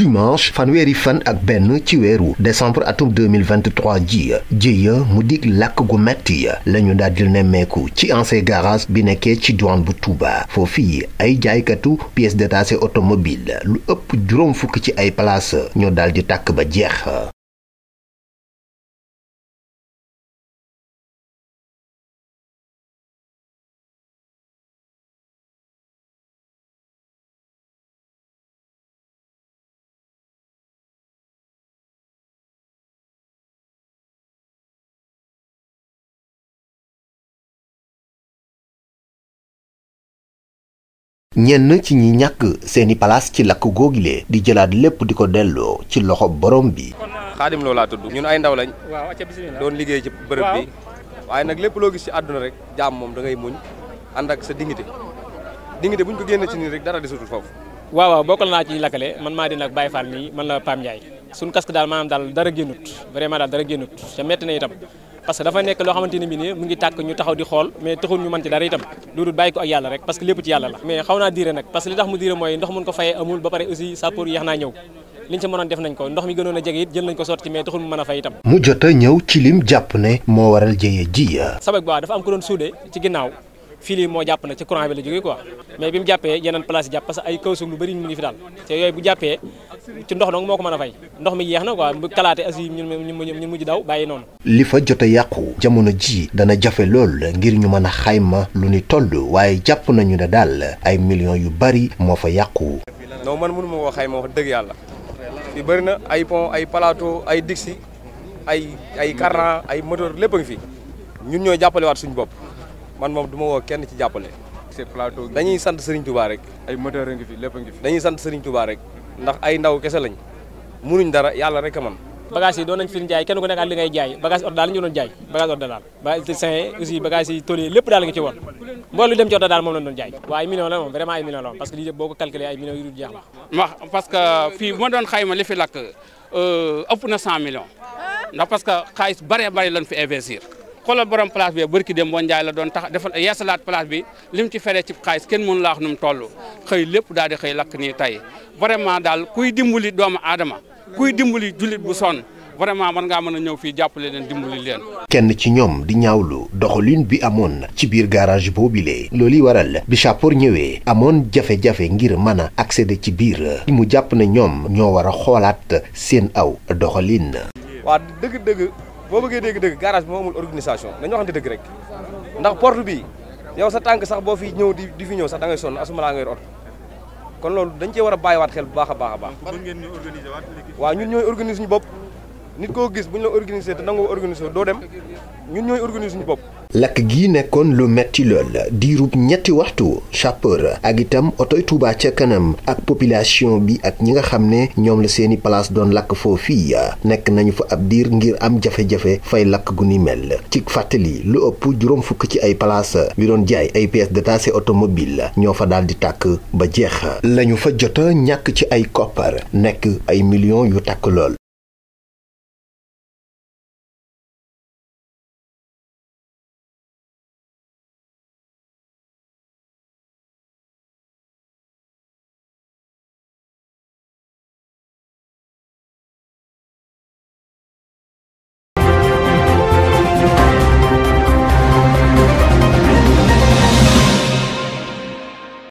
dimanche fanweeri fan ak benn ci weeru décembre atum 2023 ji jéya mu dig làkk gu metti la ñu daal di nemmeeku ci ancien garage bi nekkee ci diwaan bu Touba foofii ay jaaykatu pièces détachées automobile lu ëpp juróom fukki ci ay place ñoo daal di tàkk ba jeex ñenn ci ñi ñàkk seeni palaas ci lakk lee di jëlaat lépp di ko delloo ci loxo borom bi. xaadim loolaa tudd ñun ay ndaw lañ. doon liggéey ci bërëb bi. waaye nag lépp loo gis ci àdduna rek jaam moom da ngay muñ ànd ak sa dingite dignité buñ ko génnee ci nii rek dara desutul foofu. waaw waaw bokkal naa ci lakkale man maa di nag Baye Fall nii man la Pam Ndiaye. suñu casque daal maanaam daal dara génnut vraiment daal dara génnut te metti na itam. parce que dafa nekk loo xamante ne bi nii mu ngi tàkk ñu taxaw di xool mais taxul ñu mën ci dara itam loolu bàyyi ko ak yàlla rek parce lépp ci yàlla la mais xaw naa diire nag parce li tax mu diire mooy ndox mun ko fayee amul ba pare aussi sapeur yeex naa ñëw liñ ci mënoon def nañ ko ndox mi gënoon a jege it jël nañ ko sotti mais taxul mu mën a fay itam mu jot a ñëw ci lim jàpp ne moo waral jëye ji sabag baa dafa am ko doon suude ci ginnaaw fil yi moo jàpp na ci courant bi la jógee quoi mais bi mu jàppee yeneen place jàpp parce que ay kaw suuf lu bëri ñu ngi fi daal te yooyu bu jàppee ci ndox dong moo ko mën a fay ndox mi jeex na quoi bu kalaate as yi ñun ñu mujj daw bàyyi noonu li fa jot a yàqu jamono ji dana jafe lool ngir ñu mën a xayma lu ni toll waaye jàpp nañu ne daal ay millions yu bëri moo fa yàqu non man mënu ma koo xayma wax dëgg yàlla fi bëri na ay pont ay palaato ay dixi ay ay carran ay moteur lépp a fi ñun ñoo jàppale waat suñu bopp man moom du ma woo kenn ci jàppale. plateau dañuy sant Serigne Touba rek. ay moteur a ngi fi lépp a ngi fi. dañuy sant Serigne Touba rek ndax ay ndaw kese lañ munuñ dara yàlla rek a man bagage yi fi jaay kenn ku nekk ak li ngay jaay bagage oto daal la ñu doon jaay bagage oto daal bagage sain ci woon mboolu dem ci oto daal moom la doon jaay waaw ay million la moom vraiment ay million la moom parce que lii yëpp boo ko calculé ma doon xayma li fi lakk euh, ëpp na 100 millions ah. ndax parce que xaalis bëree bëri lañ fi investir xoolal borom place bi bërki dem boo njaay la doon tax defal yeesalaat place bi lim ci feree ci xaalis kenn mënu laax nu mu xëy lépp daal di xëy làkk nii tey vraiment daal kuy dimbali doomu aadama kuy dimbali jullit bu sonn vraiment mën ngaa mën a ñëw fii jàppale leen dimbali leen. kenn ci ñoom di ñaawlu doxalin bi amoon ci biir garage boobile loolu waral bi Chapor ñëwee amoon jafe-jafe ngir mën a accéder ci biir mu jàpp na ñoom ñoo war a xoolaat seen aw doxalin. waa boo bëggee dégg-dëgg garage bi moo amul organisation dañu waxante dëgg rek ndax porte bi yow sa tànk sax boo fi ñëw di di fi ñëw sa da son sonn asuma laa ngay oto kon loolu dañ cee war a bàyyiwaat xel bu baax a baax a baax. waaw ñun ñooy organiser ñu bopp nit koo gis bu ñu la organisé te nangoo organisé doo dem ñun ñooy organisé suñu bopp. lakk gi nekkoon lu metti lool diirub ñetti waxtu sapeur ak itam otoy Touba ca kanam ak population bi ak ñi nga xam ne ñoom la seeni place doon lakk foofii nekk nañu fa ab diir ngir am jafe-jafe fay lakk gu ni mel ci fàttali lu ëpp juróom fukk ci ay place yu doon jaay ay pièces détachées automobile ñoo fa daal di tàkk ba jeex lañu fa jota ñàkk ci ay koppar nekk ay millions yu tàkk lool